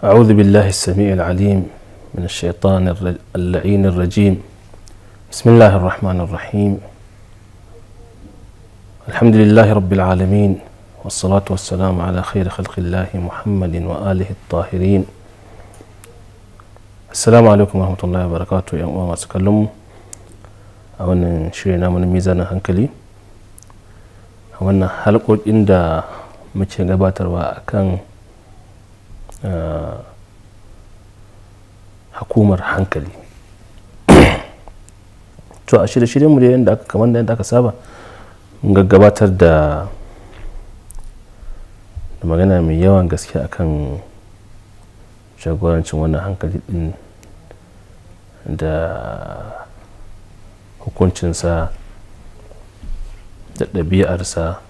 أعوذ بالله السميع العليم من الشيطان اللعين الرجيم بسم الله الرحمن الرحيم الحمد لله رب العالمين والصلاة والسلام على خير خلق الله محمد وآله الطاهرين السلام عليكم ورحمة الله وبركاته يا أمام أسكالهم أولا شرينا من ميزان هنكلي أولا حلقوا إن muke gabatarwa akan Ah, hukumar hankali to a shirye-shiryen mu da yadda aka kamar da yadda aka saba gaggabatar da da magana mai yawan gaske akan jagorancin wannan hankali din da hukuncinsa da ɗabi'arsa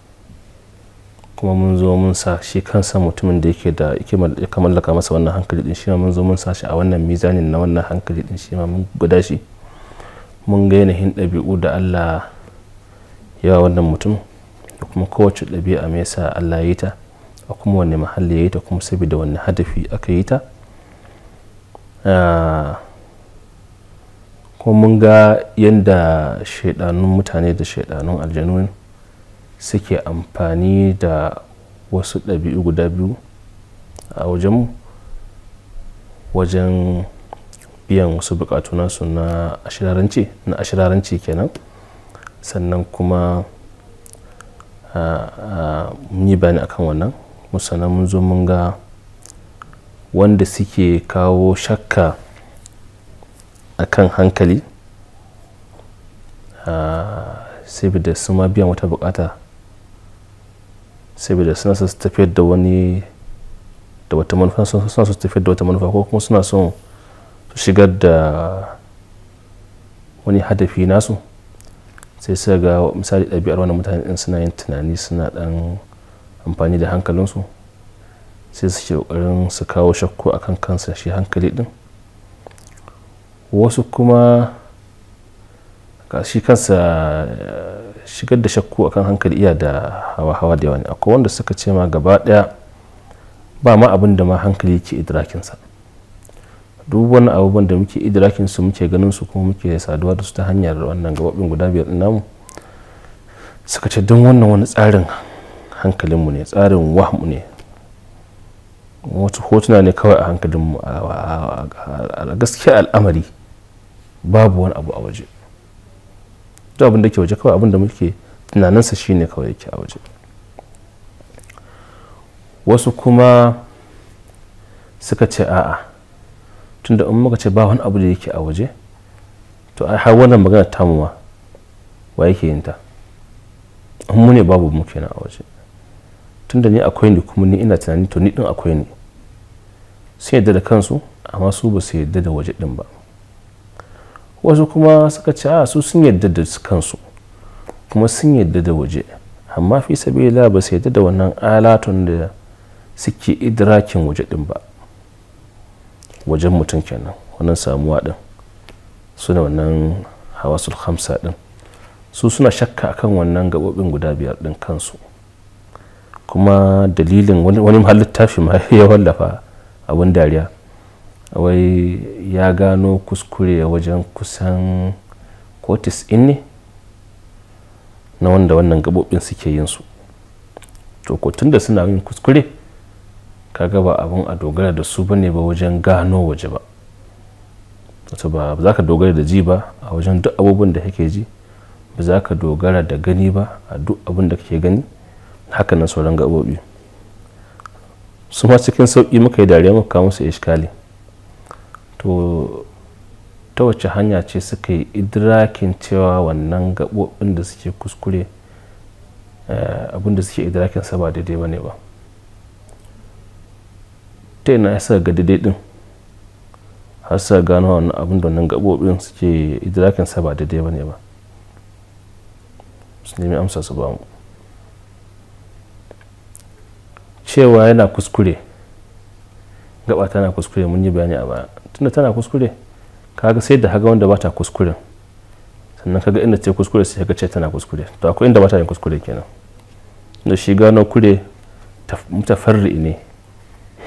kuma mun zo mun sa shi kansa mutumin da yake da ya mallaka masa wannan hankali din shi ma mun zo mun sa shi a wannan mizanin na wannan hankali din shi ma mun guda shi mun ga yanayin ɗabi'u da Allah yawa wannan mutum da kuma kowace ɗabi'a mai sa Allah ya yi ta a kuma wani mahalli ya yi ta kuma saboda wani hadafi aka yi ta ah, kuma mun ga yadda shaidanun mutane da shaidanun aljanu suke amfani da wasu ɗabi'u guda biyu a wajenmu wajen biyan wasu bukatu nasu na ashirarance na ashirarance kenan sannan kuma mun yi bayani akan wannan musannan mun zo mun ga wanda suke kawo shakka akan hankali sai da su ma biyan wata bukata saboda suna su tafiyar da wani da wata manufa suna su tafiyar da wata manufa ko kuma suna son su shigar da wani hadafi nasu sai su ga misali ɗabi'ar wani mutane ɗin suna yin tunani suna ɗan amfani da hankalinsu sai su ke ƙoƙarin su kawo shakku akan kansa shi hankali ɗin wasu kuma shi kansa shigar da shakku akan hankali iya da hawa-hawa da yawa ne akwai wanda suka ce ma gaba daya ba ma abin da ma hankali ke idrakinsa duk wani abubuwan da muke idrakin su muke ganin su kuma muke saduwa da su ta hanyar wannan gababin guda biyar din namu suka ce don wannan wani tsarin hankalin mu ne tsarin wahmu ne hotuna ne kawai a hankalin mu a gaskiya al'amari babu wani abu a waje duk abin da ke waje kawai abin da muke tunaninsa shine kawai yake a waje wasu kuma suka ce a'a tunda in muka ce ba wani abu da yake a waje to ai har wannan magana tamuwa wa yake yin ta in mu ne babu mu kenan a waje tunda ni akwai ni kuma ni ina tunani to ni din akwai ni sai yadda da kansu amma su ba su yadda da waje din ba wasu kuma suka ce a su sun yadda da kansu kuma sun yadda da waje amma fi sabila ba su yadda da wannan alatun da suke idrakin waje din ba wajen mutum kenan wannan samuwa din suna wannan hawasul hamsa din su suna shakka akan wannan gabobin guda biyar din kansu kuma dalilin wani halittafi ma ya wallafa abin dariya wai ya gano kuskure wajen kusan kotis in ne na wanda wannan gabobin suke yin su to ko tunda suna yin kuskure kaga ba abun a dogara da su bane ba wajen gano waje ba wato ba za ka dogara da ji ba a wajen duk abubuwan da kake ji ba za ka dogara da gani ba a duk abin da kake gani haka nan sauran gabobi su ma cikin sauki muka yi dariya muka kawo musu iskali to ta wace hanya ce suka yi idrakin cewa wannan gaɓoɓin da suke kuskure eh, abin da suke idrakin sa ba daidai ba ne ba ta yana ya ga daidai din har sa gano wannan abin da wannan gaɓoɓin suke idrakin sa ba daidai ba ne ba su nemi amsa su ba mu cewa yana kuskure gaba tana kuskure mun yi bayani a baya tunda tana kuskure kaga sai da haga wanda ba ta sannan kaga inda ce kuskure sai kaga ce tana kuskure to akwai inda ba ta yin kuskure kenan da shi gano kure mutafarri ne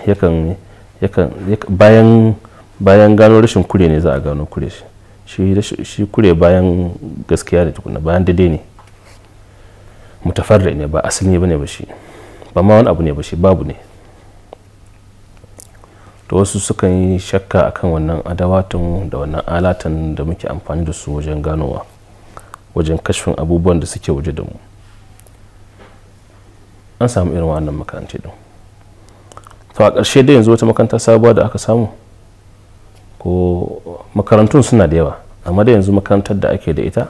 yakan bayan bayan gano rashin kure ne za a gano kure shi shi kure bayan gaskiya da tukuna bayan daidai ne mutafarri ne ba asali ne bane ba shi ba ma wani abu ne ba shi babu ne to wasu sukan yi shakka akan wannan adawatin da wannan alatan da muke amfani da su wajen ganowa wajen kashfin abubuwan da suke waje da mu an samu irin wannan makarantar din to a ƙarshe dai yanzu wata makaranta sabuwa da aka samu ko makarantun suna da yawa amma da yanzu makarantar da ake da ita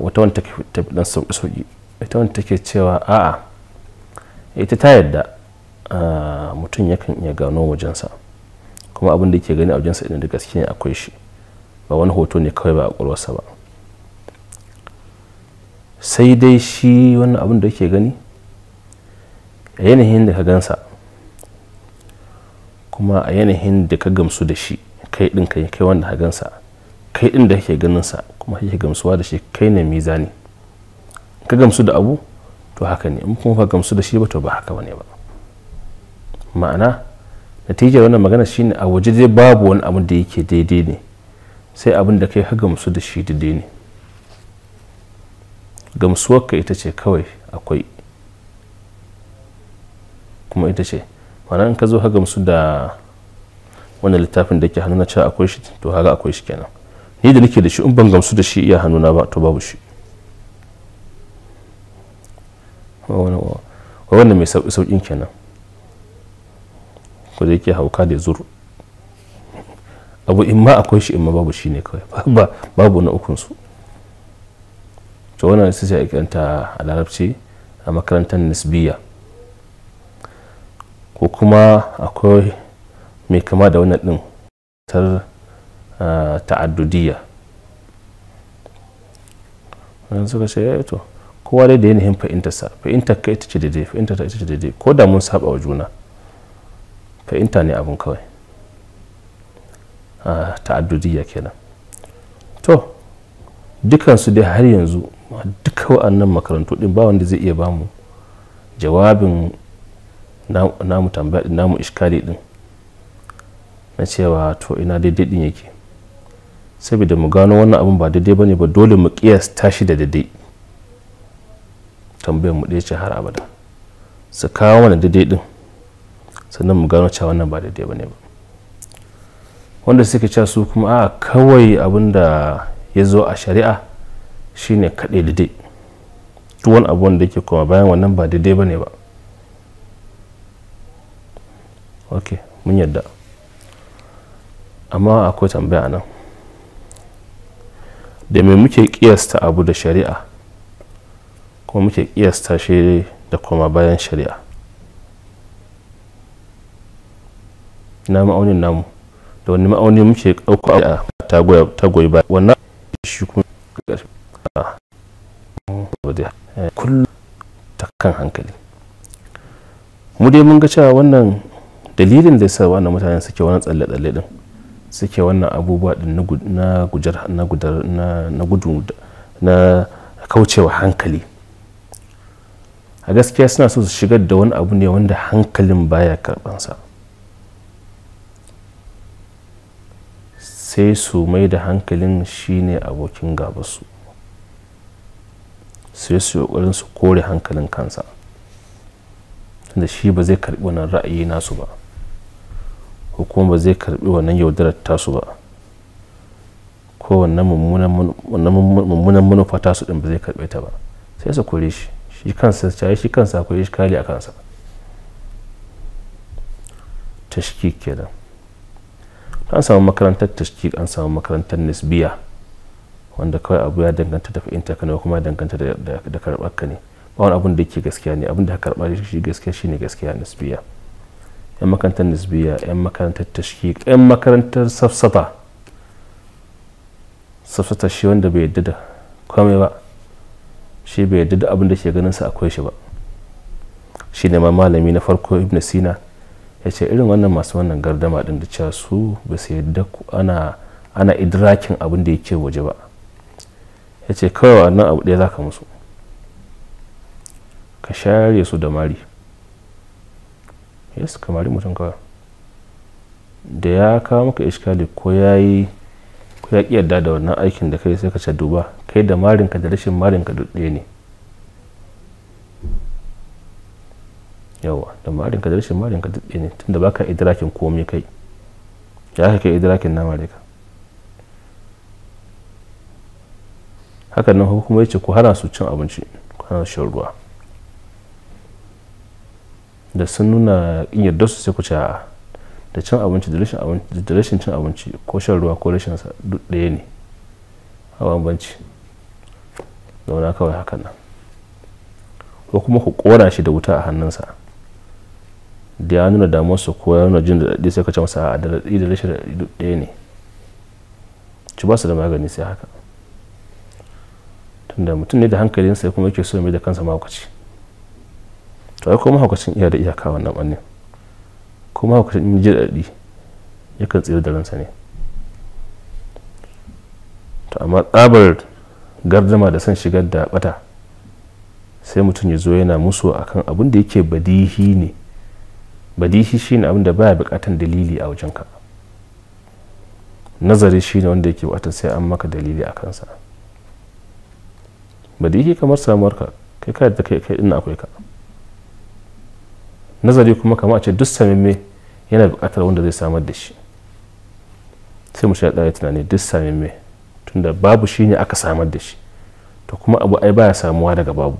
wata wanda take tafi dan sauki ita wanda take cewa a'a ita ta yadda mutum yakan iya gano wajensa kuma abin da ke gani a wajensa idan da gaske ne akwai shi ba wani hoto ne kawai ba a ƙwarwarsa ba sai dai shi wannan abin da yake gani a yanayin da ka gansa kuma a yanayin da ka gamsu da shi kai ɗin kai kai wanda ka gansa kai ɗin da kake sa, kuma kake gamsuwa da shi kai ne mizani ka gamsu da abu to haka ne in kuma ba gamsu da shi ba to ba haka bane ba ma'ana natijar wannan magana shine a waje dai babu wani abin da yake daidai ne sai abin da kai ka gamsu da shi daidai ne gamsuwarka ita ce kawai akwai kuma ita ce ma'ana in ka zo ka gamsu da wannan littafin da ke hannuna cewa akwai shi to haga akwai shi kenan ni da nake da shi in ban gamsu da shi iya hannuna ba to babu shi wannan mai sauƙin kenan ko da yake hauka da zuru abu in ma akwai shi in ma babu shi ne kawai babu na ukun su to wannan su sai aikanta a larabci a makarantar nisbiya ko kuma akwai mai kama da wannan din tar ta'addudiya wannan suka ce ya eh, to kowa dai da yanayin fahimtarsa fahimtar ka ita ce daidai fahimtar ta ita ce daidai ko da mun saba wa juna fahimta ne abin kawai ah, ta'addudiyya kenan to dukansu dai har yanzu duka wa'annan makarantu din ba wanda zai iya bamu jawabin namu tambaya namu iskali din na cewa to ina daidai din yake saboda mu gano wannan abin ba daidai bane ba dole mu kiyas tashi da daidai tambayar mu ɗaya ce har abada su kawo mana daidai din sannan mu gano cewa wannan ba daidai ba ne ba wanda suke cewa su kuma a kawai abin da ya zo a shari'a shine kaɗai daidai duk wani abu wanda yake koma bayan wannan ba daidai ba ne ba ok mun yadda amma akwai tambaya nan da me muke kiyasta abu da shari'a kuma muke kiyasta shi da koma bayan shari'a na ma'aunin namu da wani ma'aunin muke ɗauka a tagoyi ba wannan shi kuma kullum ta kan hankali mu dai mun ga cewa wannan dalilin da sa wannan mutane suke wannan tsalle-tsalle din suke wannan abubuwa din na gujar na gudar na gudu na kaucewa hankali a gaskiya suna so su shigar da wani abu ne wanda hankalin baya karbansa sai su mai da hankalin shine abokin gabasu sai su yi su kore hankalin kansa tunda shi ba zai karbi wannan ra'ayi nasu ba ko kuma ba zai karbi wannan yaudarar tasu ba ko wannan mummunan manufa tasu din ba zai karbe ta ba sai su kore shi shi kansa cayi shi kansa kore shi kali a kansa tashkik kenan an samu makarantar tashkik an samu makarantar nisbiya wanda kawai abu ya danganta da fa'in ka kuma ya danganta da karɓar ka ne ba wani abun da yake gaskiya ne abin da ka karɓar shi gaskiya shine gaskiya nisbiya yan makarantar nisbiya yan makarantar tashkik yan makarantar safsata safsata shi wanda bai yadda da komai ba shi bai yadda da abin da ke ganin sa akwai shi ba shi ne ma malami na farko ibn sina ya ce irin wannan masu wannan gardama din da cewa su ba su yadda ana ana idrakin abin da yake waje ba ya ce kawai wannan abu ɗaya za ka musu ka share su da mari yes ka mari mutum kawai da ya kawo maka iskali ko ya yi ko ya yarda da wannan aikin da kai sai ka ce duba kai da marinka da rashin marinka duk ɗaya ne yawa da marinka da rashin marinka duk ne tunda ba ka idrakin komai kai ya haka kai idrakin na marika hakan nan kuma ya ce ku hana su cin abinci ku hana su shan ruwa da sun nuna in yarda su sai ku ce a da cin abinci da rashin cin abinci ko shan ruwa ko rashin sa duk ɗaya ne a bambanci zauna kawai hakan nan ko kuma ku kora shi da wuta a hannunsa da ya nuna damuwarsa ko ya nuna jin daɗi sai ka ce masa a daɗi da rashin daɗi ɗaya ne ci ba su da magani sai haka tunda mutum ne da hankalinsa kuma yake so mai da kansa mahaukaci to ai kuma mahaukacin iya da iyaka wannan ɓanne kuma mahaukacin ji daɗi yakan tsira da ransa ne to amma tsabar gardama da son shigar da bata sai mutum ya zo yana musu akan abin da yake badihi ne badishi shine abin da baya bukatan dalili a ka nazari shi ne wanda yake bukatar sai an maka dalili a kansa badihi kamar samuwarka kai kai da kai kai ina akwai ka nazari kuma kama a ce duk samimme yana bukatar wanda zai samar da shi sai mu shaɗa ya tunani duk samimme tunda babu shi ne aka samar da shi to kuma abu ai baya samuwa daga babu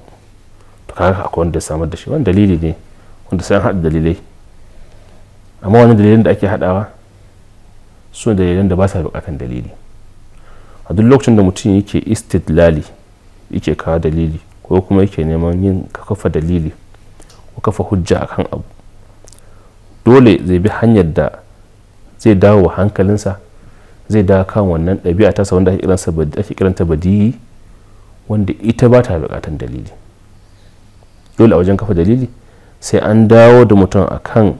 to kaga akwai wanda ya samar da shi wani dalili ne wanda sai an haɗa dalilai amma wani dalilin da ake haɗawa su dalilin da ba sa bukatan dalili a duk lokacin da mutum yake istidlali yake kawo dalili ko kuma yake neman yin kafa dalili ko kafa hujja akan abu dole zai bi hanyar da zai dawo wa hankalinsa zai dawo kan wannan ɗabi'a ta sa wanda ake kiranta badiyi wanda ita ba ta bukatan dalili dole a wajen kafa dalili sai an dawo da mutum akan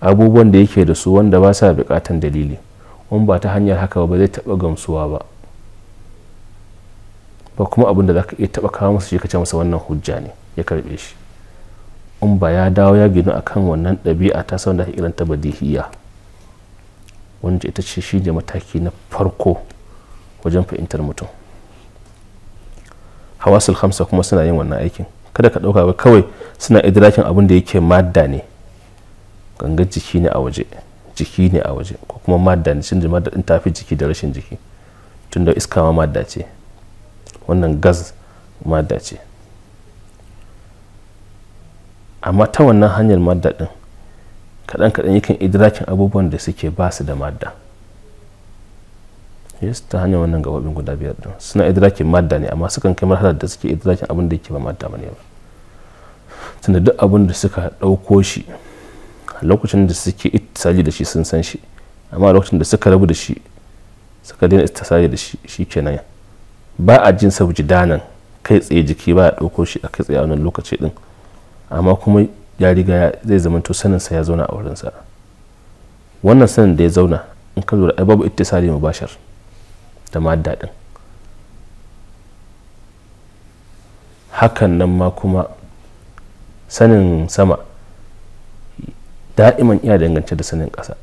abubuwan da yake da su wanda ba sa bukatan dalili in ba ta hanyar haka ba zai taɓa gamsuwa ba ba kuma abin da za ka iya taɓa kawo masu shi ka ce masa wannan hujja ne ya karbe shi in ba ya dawo ya ginu kan wannan ɗabi'a ta sauran da ake kiranta badihiyya wanda ita ce shi ne mataki na farko wajen fahimtar mutum hawasul hamsa kuma suna yin wannan aikin kada ka ɗauka ba kawai suna idrakin abin da yake madda ne ganga jiki ne a waje jiki ne a waje ko kuma madda ne cin madda din tafi jiki da rashin jiki tunda iska ma madda ce wannan gas madda ce amma ta wannan hanyar madda din kaɗan kaɗan yakan idrakin abubuwan da suke ba su da madda yes ta hanyar wannan gababin guda biyar din suna idrakin madda ne amma sukan kai marhalar da suke idrakin abin da yake ba madda ba ne ba tunda duk abin da suka ɗauko shi lokacin da suke ittisali da shi sun san shi amma lokacin da suka rabu da shi suka daina ittisali da shi shi ke kenan ba a jin sa wujidanan kai tsaye jiki ba a ɗauko shi a kai tsaye a wannan lokaci din amma kuma ya riga zai zama to sanin sa ya zauna a wurin sa wannan sanin da ya zauna in ka lura babu ittisali mubashar da madda din hakan nan ma kuma sanin sama da'iman iya dangance da sanin ƙasa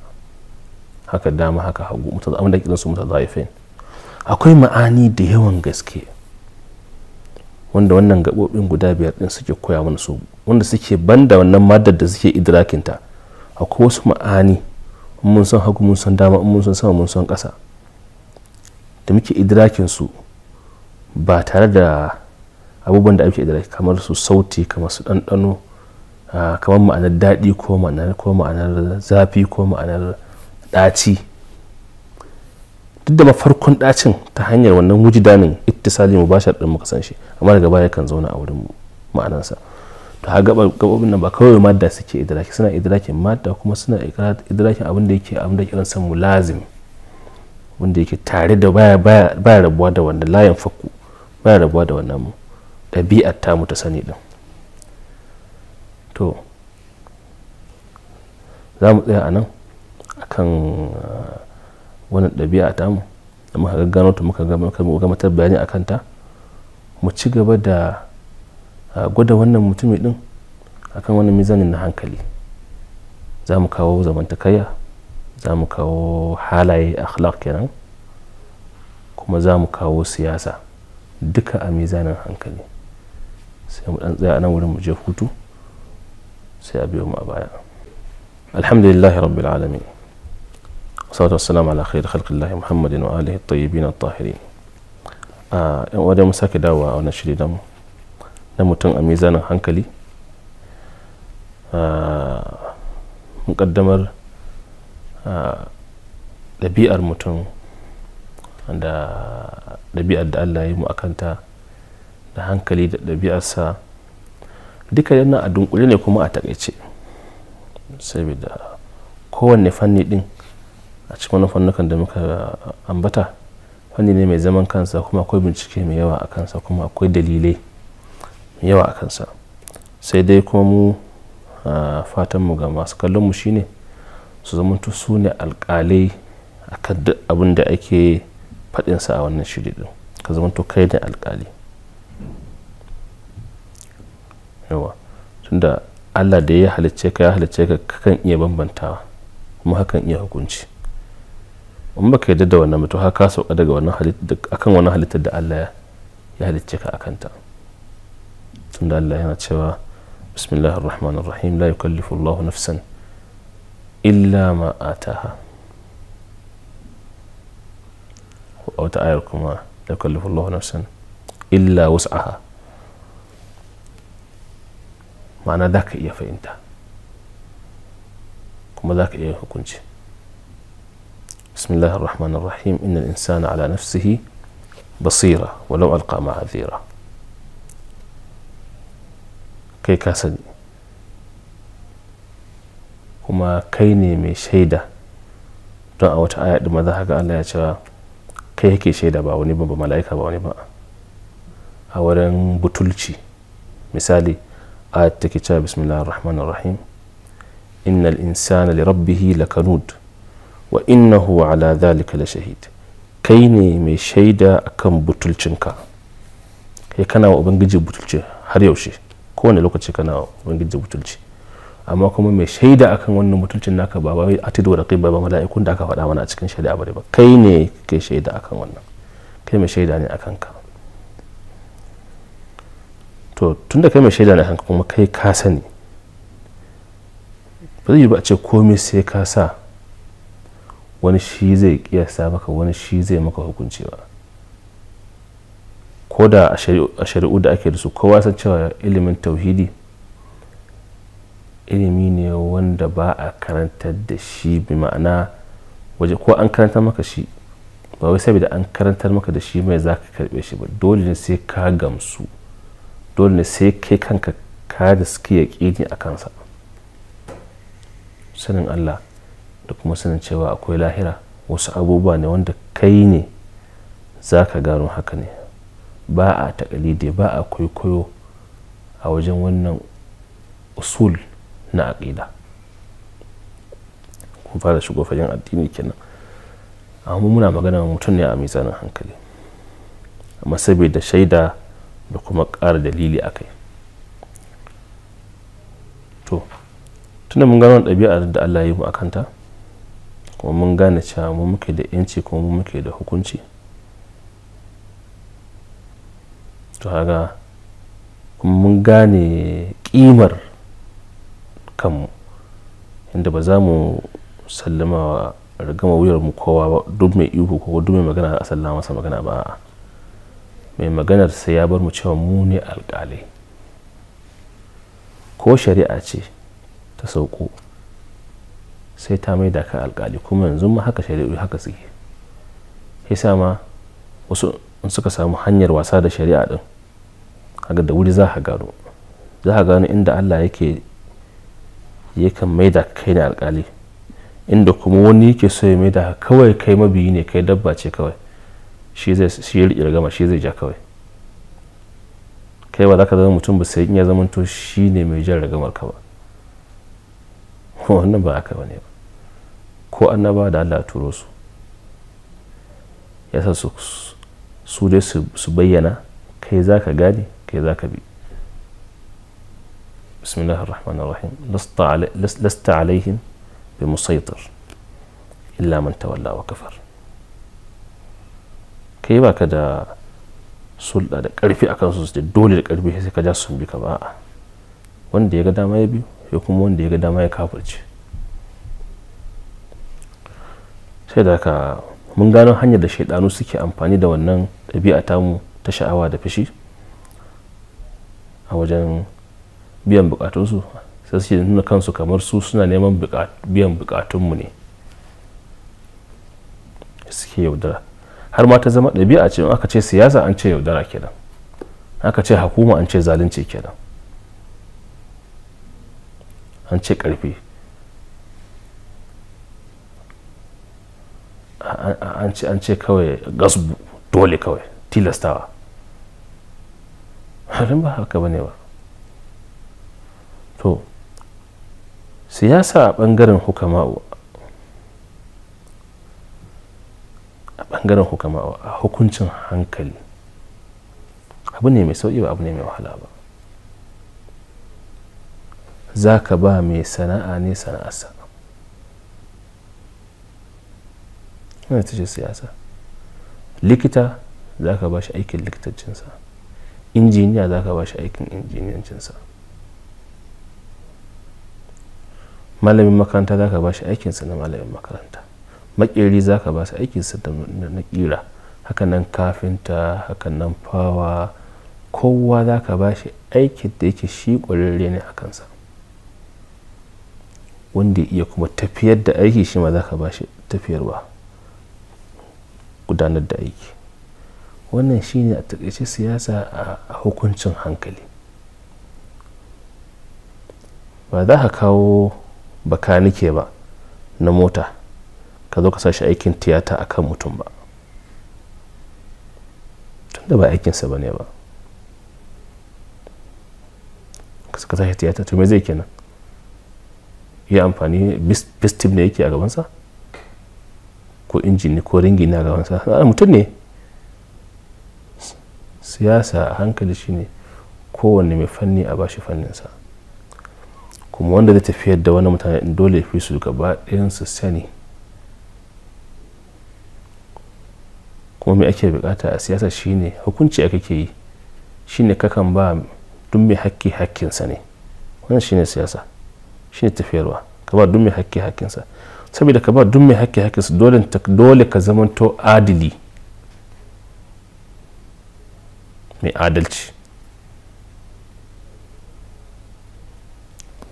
haka dama haka hagu abin da kiransu zaifin akwai ma'ani da yawan gaske wanda wannan gaɓoɓin guda biyar ɗin suke koya mana su wanda suke banda wannan madar da suke idrakinta akwai wasu ma'ani mun san hagu mun san dama mun san sama mun san ƙasa da muke idrakin su ba tare da abubuwan da ake idraki kamar su sauti kamar su ɗanɗano Ah, kamar ma'anar daɗi ko ma'anar zafi ko ma'anar ɗaci duk da mafarkon ɗacin ta hanyar wannan wujidanin ittisali mu bashar ɗin muka san shi amma daga baya kan zauna a wurin ma'anarsa to ha gabobin nan ba kawai madda suke idraki suna idrakin madda kuma suna idrakin abin da yake abin da kiran san lazim wanda yake tare da baya baya rabuwa da wanda layin fakku baya rabuwa da wannan ɗabi'ar tamu ta sani ɗin to za mu tsaya a nan akan ah, wani ɗabi'a ta mu da muka gaggano ta muka gama ta bayani a kanta mu ci gaba da ah, gwada wannan mutumin ɗin kan wani mizanin na hankali za mu kawo zamantakayya za mu kawo halaye akhlaq kenan kuma za mu kawo siyasa duka a mizanin hankali sai mu ɗan tsaya a nan wurin mu je hutu sai a biyo mu a baya alhamdulillahi rabbil alamin salatu wassalamu ala khair khalqillahi muhammadin wa alihi tayyibin at-tahirin a ah, yan wajen mu sake dawowa a wannan shiri namu na mutum a mizanin hankali ah, mukaddamar ah, ɗabi'ar mutum da ɗabi'ar da allah ya yi mu akanta da hankali da ɗabi'arsa duka yana a dunkule ne kuma a takaice saboda kowanne fanni din a cikin wani fannukan da muka ambata fanni ne mai zaman kansa kuma akwai bincike mai yawa a kansa kuma akwai dalilai mai yawa a kansa sai dai kuma mu mu ga masu kallon mu shine su zama su ne alkalai a kan abin da ake faɗinsa a wannan shiri din ka zamanto kai ne alkali yawa tunda allah da ya halicce ka ya halicce ka kan iya bambantawa kuma hakan iya hukunci in baka yarda da wannan mutum haka sauka daga wannan akan wannan halittar da allah ya halicce ka akanta tunda allah yana cewa ar-rahman ar rahim la yukallifu allah nafsan illa ma ataha a wata ayar kuma la yukallifu allah nafsan illa wus'aha ma'ana za ka iya fahimta kuma za ka iya hukunci bismillahir rahmanir rahim innal insana ala nafsihi basira walau alqa ma'azira kai ka sani kuma kai ne mai shaida don a wata aya ɗin maza haka Allah ya cewa kai yake shaida ba wani ba mala'ika ba wani ba a wurin butulci misali ayat take cewa bismillahir rahmanir rahim innal insana li rabbihi lakanud wa innahu ala dhalika la shahid kai ne mai shaida akan butulcinka kai kana wa ubangiji butulci har yaushe kowane lokaci kana wa ubangiji butulci amma kuma mai shaida akan wannan mutuncin naka ba wai atidu da ba mala'ikun da aka faɗa mana a cikin shari'a bare ba kai ne kai shaida akan wannan kai mai shaida ne akan ka to tun da kai mai shaida na kuma kai ka sani ba zai yi ba a ce komai sai ka sa wani shi zai kiyasa maka wani shi zai maka hukunci ba ko da a shari'u da ake da su kowa san cewa ilimin tauhidi ilimi ne wanda ba a karantar da shi bi ma'ana waje ko an karantar maka shi ba wai saboda an karantar maka da shi mai za ka karbe shi ba dole ne sai ka gamsu dole ne sai kai kanka ka da suke yaƙini a kansa sanin allah da kuma sanin cewa akwai lahira wasu abubuwa ne wanda kai ne za ka gano haka ne ba a takalide ba a kwaikwayo a wajen wannan usul na aƙida kuma fara shigo fagen addini kenan amma muna magana mutum ne a mizanin hankali amma saboda shaida da kuma ƙara dalili a kai to tunda mun gano ɗabi'a da allah yi mu a kanta kuma mun gane cewa mu muke da yanci kuma mu muke da hukunci to haga kuma mun gane ƙimar kanmu inda ba za mu sallama wa rigama wuyar mu kowa ba duk mai ihu ko duk mai magana a sallama masa magana ba a'a mai maganar sai ya bar mu cewa mu ne alƙalai ko shari'a ce ta sauko sai ta mai da ka kuma yanzu ma haka shari'u haka suke yasa ma wasu in suka samu hanyar wasa da shari'a din kaga da wuri za ka gano za ka gano inda allah yake yakan mai da kai ne alƙalai inda kuma wani yake so ya mai da kawai kai mabiyi ne kai dabba ce kawai shi zai shi ya riƙe gama shi zai ja kawai kai ba za ka zama mutum ba sai in ya zama to shi ne mai jan ragamar ka ba wannan ba aka bane ba ko annaba da Allah turo su ya sa su dai su bayyana kai za ka gane kai za bi بسم الله الرحمن الرحيم لست عليهم بمسيطر إلا من تولى وكفر kai ba ka da sulɗa da ƙarfi a kansu su dole da ƙarfi sai ka ja su bi ka ba a wanda ya ga dama ya biyu ya kuma wanda ya ga dama ya kafirce sai da ka mun gano hanyar da shaidanu suke amfani da wannan ɗabi'a tamu ta sha'awa da fushi a wajen biyan bukatunsu sai su nuna kansu kamar su suna neman biyan bukatunmu ne suke yaudara har ma ta zama ɗabi'a ce aka ce siyasa an ce yaudara kenan aka ce hukuma an ce zalunci kenan an ce ƙarfi an ce kawai gasbu dole kawai tilastawa harin ba haka bane ba to siyasa a bangaren hukama bangaren hukama a hukuncin hankali abu ne mai sauƙi ba abu ne mai wahala ba za ka ba mai sana'a ne sana'arsa yana ta siyasa likita za ka ba shi aikin likitancinsa injiniya za ka ba shi aikin injiniyancinsa malamin makaranta za ka ba shi aikinsa na malamin makaranta makeri za ka ba su aikin su na kira hakanan kafinta hakanan fawa kowa za ka ba shi aikin da yake shi ƙwararre ne a kansa wanda ya iya kuma tafiyar da aiki shi ma za ka ba shi tafiyarwa gudanar da aiki wannan shi ne a takaice siyasa a hukuncin hankali ba za ka kawo bakanike ba na mota ka zo ka sa shi aikin tiyata a kan mutum ba tun da ba aikinsa ba ne ba ka sa shi tiyata to me zai kenan ya amfani bistim ne yake a gabansa ko injini ko ringi ne na gabansa mutum ne siyasa a hankali shine kowane mai fanni a bashi fanninsa kuma wanda zai tafiyar da wani mutane dole fi su gaba ɗayan su sani kuma ake bukata a siyasa shine hukunci a kake yi shine kakan ba duk mai hakki hakkinsa ne wannan shine siyasa shine tafiyarwa ka ba duk mai hakki hakkinsa saboda ka ba duk mai hakki hakkinsa dole dole ka zamanto adili mai adalci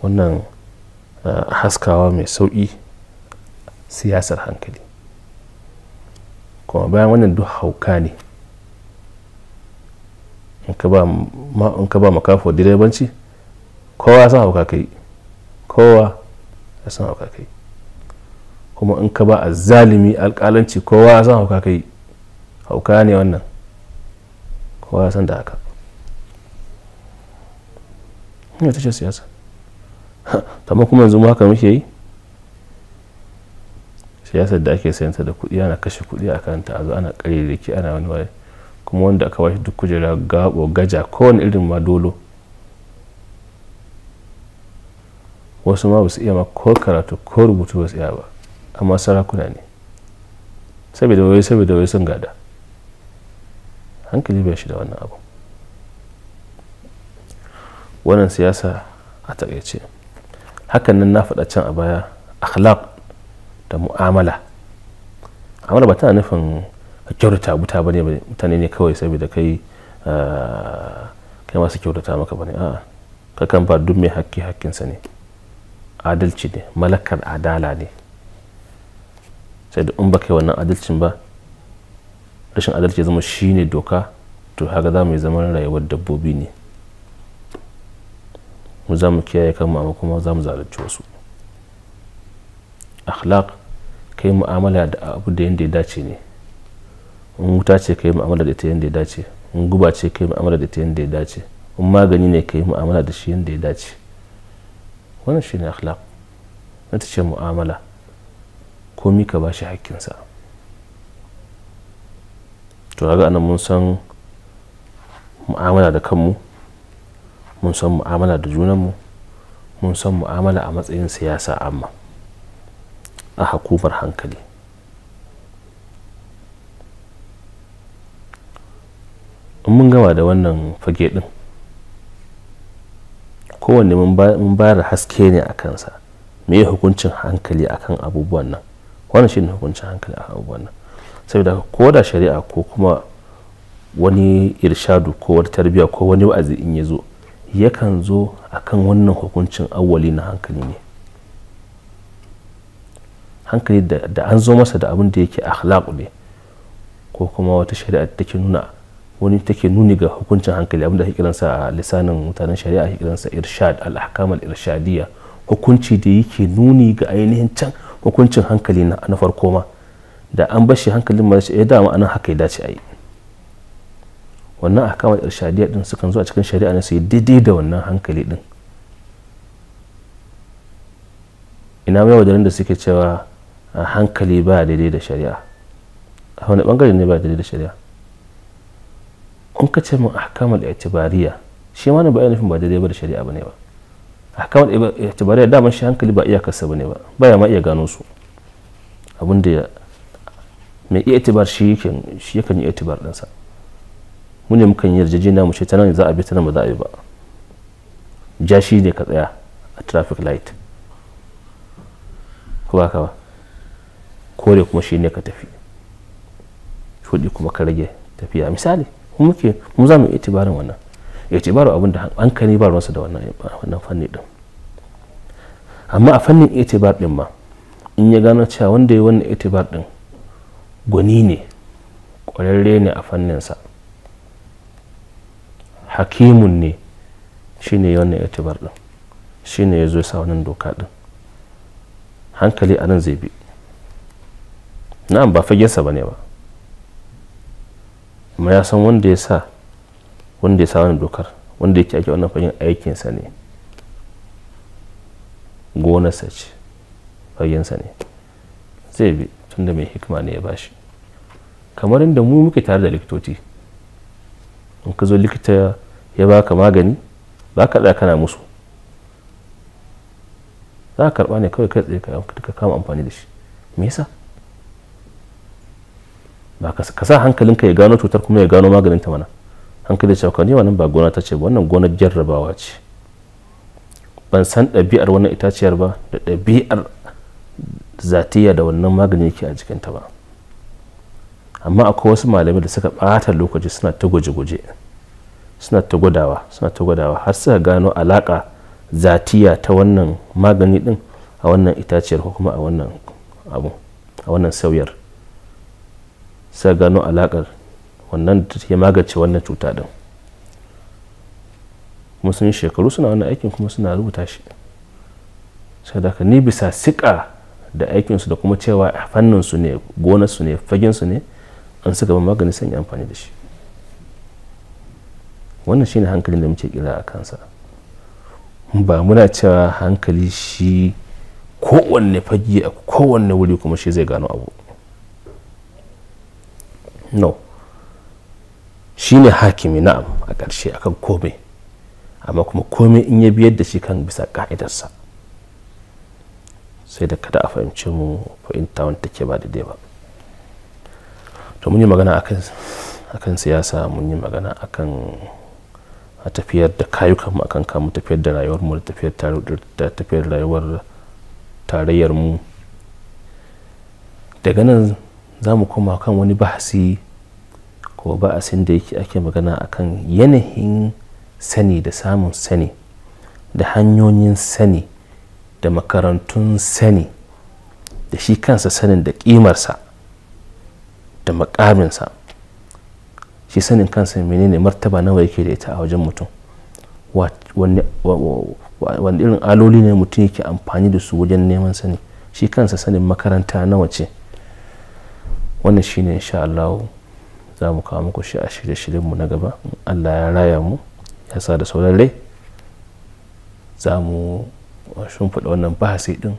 wannan ah, haskawa mai sauƙi siyasar hankali kuma bayan wannan duk hauka ne in ka ba makafo direbanci kowa san hauka kai kowa ya san hauka kai kuma in ka ba a zalimi alkalanci kowa san hauka kai hauka ne wannan kowa san da haka ne ta ce siyasa amma kuma yanzu mu haka muke yi siyasar da ake sayanta da kuɗi ana kashe kuɗi a kan a zo ana ƙarirriki ana wani waye kuma wanda aka washe duk kujera gabo gaja kowane irin ma dolo wasu ma basu iya ma ko karatu ko rubutu basu iya ba amma sarakuna ne saboda wai saboda wai sun gada hankali bai shi da wannan abu wannan siyasa a takaice hakan nan na faɗa can a baya akhlaq da mu'amala amala ba tana nufin kyautata buta ba ne mutane ne kawai saboda kai ah, kai masu kyautata maka ba ne a'a kakan ba duk mai hakki ne adalci ne malakar adala ne sai da in ba kai wannan adalcin ba rashin adalci zama shi ne doka to haka za mu yi zaman rayuwar dabbobi ne mu za mu kiyaye kanmu amma kuma za mu zalunci wasu akhlaq ka yi mu'amala da abu da yadda ya dace ne in wuta ce ka yi mu'amala da ita yadda ya dace in guba ce ka yi mu'amala da ita yadda ya dace in magani ne ka yi mu'amala da shi yadda ya dace wannan shi ne akhlaq ta ce mu'amala komi ka ba shi hakkinsa to ga anan mun san mu'amala da kanmu mun san mu'amala da junanmu mun san mu'amala a matsayin siyasa amma a hakumar hankali in mun gama da wannan fage din kowanne mun bayar da haske ne a kansa me yi hukuncin hankali akan abubuwan nan wannan shi ne hukuncin hankali akan abubuwan nan saboda ko da shari'a ko kuma wani irshadu ko wani tarbiyya ko wani wa'azi in ya zo yakan zo a kan wannan hukuncin awwali na hankali ne hankali da an zo masa da abin da yake akhlaq ne ko kuma wata shari'a da take nuna wani take nuni ga hukuncin hankali abin da ake kiransa a lisanin mutanen shari'a ake kiransa irshad al-ahkam al-irshadiyya hukunci da yake nuni ga ainihin can hukuncin hankali na farko ma da an bashi hankalin ma shi ya eh, dama anan haka ya dace a yi wannan ahkamar irshadiyya din sukan zo a cikin shari'a ne su yi daidai da wannan hankali din ina mai wadarin da suke cewa a hankali ba daidai da shari'a a wani bangare ne ba daidai da shari'a in ka ce min da itibariya shi ma ne ba nufin ba daidai ba da shari'a bane ba da itibariya daman shi hankali ba iya bane ba baya ma iya gano su abin da mai iya itibar shi yakan shi yakan yi itibar ɗansa mu ne mukan yarjejeniya mu ce ta nan za a bi ta nan ba za a yi ba ja shi ne ka tsaya a traffic light ko ba ka ba kore kuma shine ka tafi shudi kuma ka rage tafiya misali kuma muke mu za mu yi itibarin wannan itibarin abin da hankali ba ruwansa da wannan fanni din amma a fannin itibar din ma in ya gano cewa wanda ya wannan itibar din gwani ne kwararre ne a fanninsa hakimun ne shine wannan itibar din shine ya zo sa wannan doka din hankali a nan zai bi na'am ba fagensa ba ne ba amma ya san wanda ya sa wanda ya sa wani dokar wanda yake ake wannan fagen aikinsa ne gonarsa ce fagensa ne zai bi tunda mai hikima ne ya bashi kamar inda mu muke tare da likitoci in ka zo likita ya baka magani ba ka da kana musu za ka karba ne kawai kai tsaye ka kama amfani da shi me yasa ba ka sa hankalinka ya gano cutar kuma ya gano maganin ta mana hankali cewa ne wannan ba gona ta ce wannan gonar jarrabawa ce ban san ɗabi'ar wannan itaciyar ba da ɗabi'ar zatiya da wannan magani yake a jikinta ba amma akwai wasu malamai da suka ɓata lokaci suna ta guje-guje suna ta gwadawa suna ta gwadawa har suka gano alaƙa zatiya ta wannan magani din a wannan itaciyar ko kuma a wannan abu a wannan sauyar sa gano alakar wannan da take magance wannan cuta din kuma yi shekaru suna wannan aikin kuma suna rubuta shi sadaka ni bisa sika da aikinsu da kuma cewa fanninsu ne su ne faginsu ne an su gaba magani sun yi amfani da shi wannan shine hankalin da muke kira a kansa ba muna cewa hankali shi kowanne fagi a kowanne wuri kuma shi zai gano abu no shi ne hakimi na'am a ƙarshe akan komai amma kuma komai in ya biyar da shi kan bisa ka'idarsa sai da kada a fahimci mu fahimta wanda take ba da dai ba to mun yi magana kan siyasa mun yi magana akan a tafiyar da kayukan mu akan kamu tafiyar da rayuwar mu da tafiyar rayuwar tarayyar mu daga nan za mu koma kan wani bahasi ko ba'asin da yake ake magana akan yanayin sani da samun sani da hanyoyin sani da makarantun sani da shi kansa sanin da ƙimarsa da makaminsa shi sanin kansa menene martaba nawa yake da ita a wajen mutum wani irin aloli ne mutum yake amfani da su wajen neman sani shi kansa sanin makaranta nawa ce wannan shine insha Allah za mu kawo muku shi a shirye mu na gaba Allah ya raya mu ya sa da sauran rai za mu shimfiɗa wannan bahasi din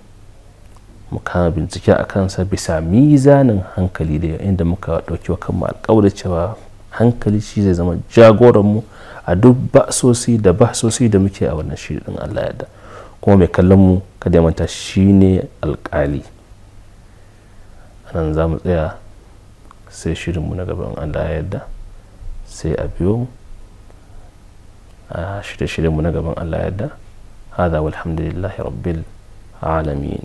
mu kama bincike a kansa bisa mizanin hankali da inda muka ɗauki wa kanmu alƙawar cewa hankali shi zai zama jagoran mu a duk basosi da basosi da muke a wannan shiri din Allah ya da kuma mai kallon mu kada ya manta shi ne alƙali anan za mu tsaya sai shirinmu na gaban allah yadda sai a biyo mu a shirye-shiryenmu na gaban allah ya yadda هذا walhamdulillahi rabbil alamin